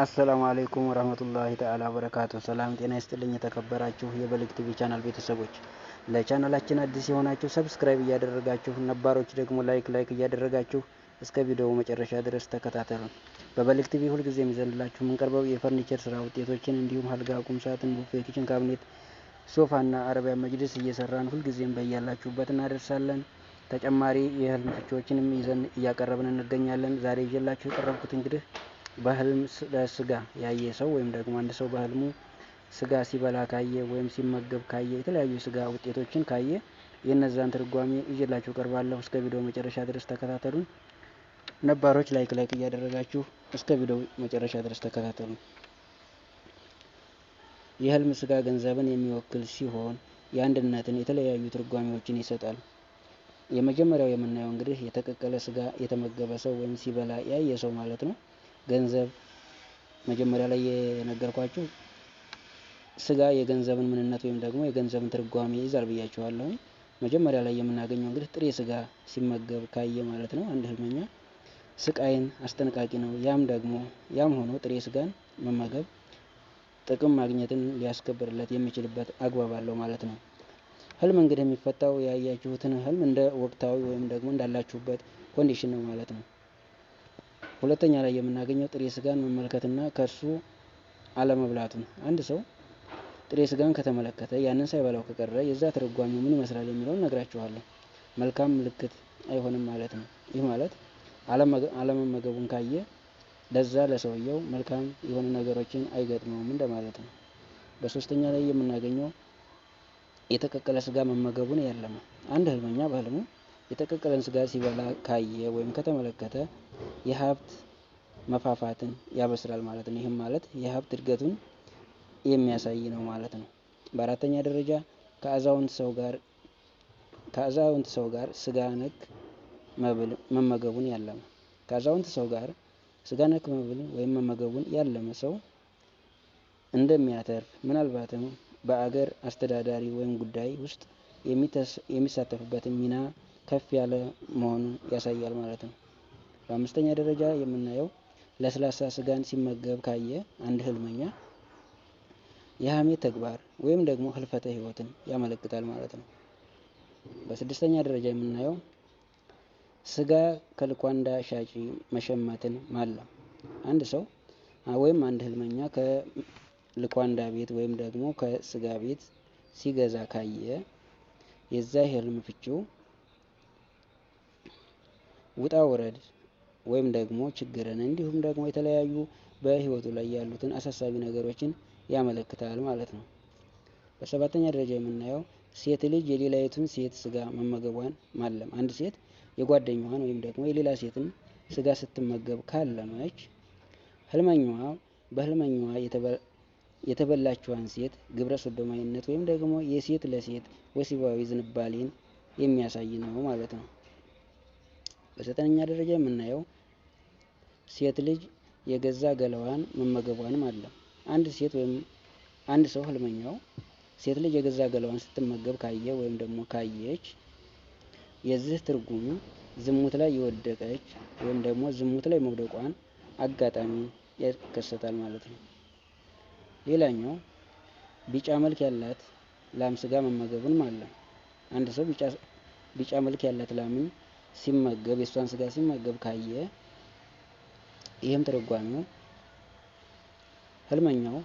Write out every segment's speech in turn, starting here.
አሰላሙ አለይኩም ወራህመቱላሂ ተዓላ በረካቱ። ሰላም ጤና ይስጥልኝ የተከበራችሁ የበልግ ቲቪ ቻናል ቤተሰቦች፣ ለቻናላችን አዲስ የሆናችሁ ሰብስክራይብ እያደረጋችሁ፣ ነባሮች ደግሞ ላይክ ላይክ እያደረጋችሁ እስከ ቪዲዮው መጨረሻ ድረስ ተከታተሉ። በበልግ ቲቪ ሁልጊዜ የሚዘንላችሁ የምንቀርበው የፈርኒቸር ስራ ውጤቶችን እንዲሁም አልጋ፣ ቁም ሳጥን፣ ቡፌ፣ ኪችን ካብኔት፣ ሶፋና አረቢያ መጅልስ እየሰራን ሁልጊዜም በያላችሁበት እናደርሳለን። ተጨማሪ የህልም ፍቺዎችንም ይዘን እያቀረብን እንገኛለን። ዛሬ ይዤላችሁ የቀረብኩት እንግዲህ በህልም ስጋ ያየ ሰው ወይም ደግሞ አንድ ሰው በህልሙ ስጋ ሲበላ ካየ ወይም ሲመገብ ካየ የተለያዩ ስጋ ውጤቶችን ካየ የእነዛን ትርጓሜ ይዤላችሁ ቀርባለሁ። እስከ ቪዲዮ መጨረሻ ድረስ ተከታተሉን። ነባሮች ላይክ ላይክ እያደረጋችሁ እስከ ቪዲዮ መጨረሻ ድረስ ተከታተሉ። የህልም ስጋ ገንዘብን የሚወክል ሲሆን የአንድነትን የተለያዩ ትርጓሜዎችን ይሰጣል። የመጀመሪያው የምናየው እንግዲህ የተቀቀለ ስጋ የተመገበ ሰው ወይም ሲበላ ያየ ሰው ማለት ነው። ገንዘብ መጀመሪያ ላይ የነገርኳችሁ ስጋ የገንዘብን ምንነት ወይም ደግሞ የገንዘብን ትርጓሜ ይዛል ብያችኋለሁ። መጀመሪያ ላይ የምናገኘው እንግዲህ ጥሬ ስጋ ሲመገብ ካየ ማለት ነው አንድ ህልመኛ ስቃይን አስጠንቃቂ ነው። ያም ደግሞ ያም ሆኖ ጥሬ ስጋን መመገብ ጥቅም ማግኘትን ሊያስከብርለት የሚችልበት አግባብ አለው ማለት ነው። ህልም እንግዲህ የሚፈታው ያያችሁትን ህልም እንደ ወቅታዊ ወይም ደግሞ እንዳላችሁበት ኮንዲሽን ነው ማለት ነው። ሁለተኛ ላይ የምናገኘው ጥሬ ስጋን መመልከትና ከእርሱ ነው። አንድ ሰው ጥሬ ስጋን ከተመለከተ ያንን ሳይበላው ከቀረ የዛ ተረጓሚው ምን ይመስላል የሚለውን ነግራችኋለሁ። መልካም ምልክት አይሆንም ማለት ነው። ይህ ማለት አለመመገቡን ካየ ለዛ ለሰውየው መልካም የሆነ ነገሮችን አይገጥመውም እንደማለት ነው። በሶስተኛ ላይ የምናገኘው የተቀቀለ ስጋ መመገቡን ያለመ። አንድ ህልመኛ በህልሙ የተቀቀለን ስጋ ሲበላ ካየ ወይም ከተመለከተ የሀብት መፋፋትን ያበስራል ማለት ነው። ይህም ማለት የሀብት እድገቱን የሚያሳይ ነው ማለት ነው። በአራተኛ ደረጃ ከአዛውንት ሰው ጋር ከአዛውንት ሰው ጋር ስጋ ነክ መብል መመገቡን ያለመ ከአዛውንት ሰው ጋር ስጋ ነክ መብል ወይም መመገቡን ያለመ ሰው እንደሚያተርፍ ምናልባትም በአገር አስተዳዳሪ ወይም ጉዳይ ውስጥ የሚሳተፍበትን ሚና ከፍ ያለ መሆኑን ያሳያል ማለት ነው። በአምስተኛ ደረጃ የምናየው ለስላሳ ስጋን ሲመገብ ካየ አንድ ህልመኛ የሀሜት ተግባር ወይም ደግሞ ህልፈተ ህይወትን ያመለክታል ማለት ነው። በስድስተኛ ደረጃ የምናየው ስጋ ከልኳንዳ ሻጪ መሸመትን ማለም። አንድ ሰው ወይም አንድ ህልመኛ ከልኳንዳ ቤት ወይም ደግሞ ከስጋ ቤት ሲገዛ ካየ የዛ ህልም ፍቺው ውጣ ውረድ ወይም ደግሞ ችግርን እንዲሁም ደግሞ የተለያዩ በህይወቱ ላይ ያሉትን አሳሳቢ ነገሮችን ያመለክታል ማለት ነው። በሰባተኛ ደረጃ የምናየው ሴት ልጅ የሌላይቱን ሴት ስጋ መመገቧን ማለም። አንድ ሴት የጓደኛዋን ወይም ደግሞ የሌላ ሴትን ስጋ ስትመገብ ካለመች ህልመኛዋ በህልመኛዋ የተበላችዋን ሴት ግብረ ሶዶማዊነት ወይም ደግሞ የሴት ለሴት ወሲባዊ ዝንባሌን የሚያሳይ ነው ማለት ነው። በዘጠነኛ ደረጃ የምናየው ሴት ልጅ የገዛ ገላዋን መመገቧንም አለ። አንድ ሴት ወይም አንድ ሰው ህልመኛው ሴት ልጅ የገዛ ገላዋን ስትመገብ ካየ ወይም ደግሞ ካየች የዚህ ትርጉሙ ዝሙት ላይ የወደቀች ወይም ደግሞ ዝሙት ላይ መውደቋን አጋጣሚ ያከሰታል ማለት ነው። ሌላኛው ቢጫ መልክ ያላት ላም ስጋ መመገብንም አለ። አንድ ሰው ቢጫ መልክ ያላት ላምን ሲመገብ የእሷን ስጋ ሲመገብ ካየ ይህም ትርጓሜው ህልመኛው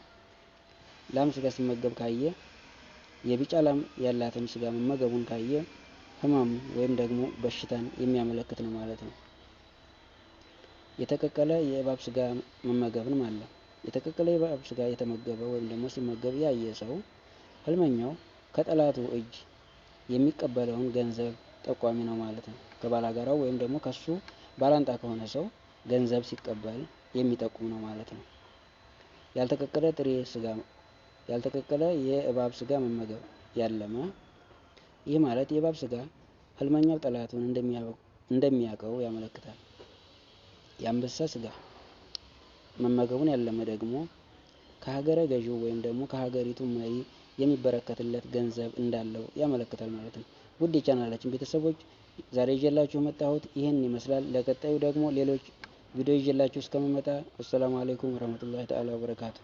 ላም ስጋ ሲመገብ ካየ የቢጫ ላም ያላትን ስጋ መመገቡን ካየ ህመም ወይም ደግሞ በሽታን የሚያመለክት ነው ማለት ነው። የተቀቀለ የእባብ ስጋ መመገብንም አለ። የተቀቀለ የእባብ ስጋ የተመገበ ወይም ደግሞ ሲመገብ ያየ ሰው ህልመኛው ከጠላቱ እጅ የሚቀበለውን ገንዘብ ጠቋሚ ነው ማለት ነው። ከባላጋራው ወይም ደግሞ ከሱ ባላንጣ ከሆነ ሰው ገንዘብ ሲቀበል የሚጠቁም ነው ማለት ነው። ያልተቀቀለ ጥሬ ስጋ ያልተቀቀለ የእባብ ስጋ መመገብ ያለመ ይህ ማለት የእባብ ስጋ ህልመኛው ጠላቱን እንደሚያውቀው ያመለክታል። የአንበሳ ስጋ መመገቡን ያለመ ደግሞ ከሀገረ ገዢው ወይም ደግሞ ከሀገሪቱ መሪ የሚበረከትለት ገንዘብ እንዳለው ያመለክታል ማለት ነው። ውድ የቻናላችን ቤተሰቦች ዛሬ ይዤላችሁ መጣሁት ይህን ይመስላል። ለቀጣዩ ደግሞ ሌሎች ቪዲዮ ይዤላችሁ እስከምመጣ ወሰላሙ አለይኩም ወረህመቱላሂ ተዓላ ወበረካቱ።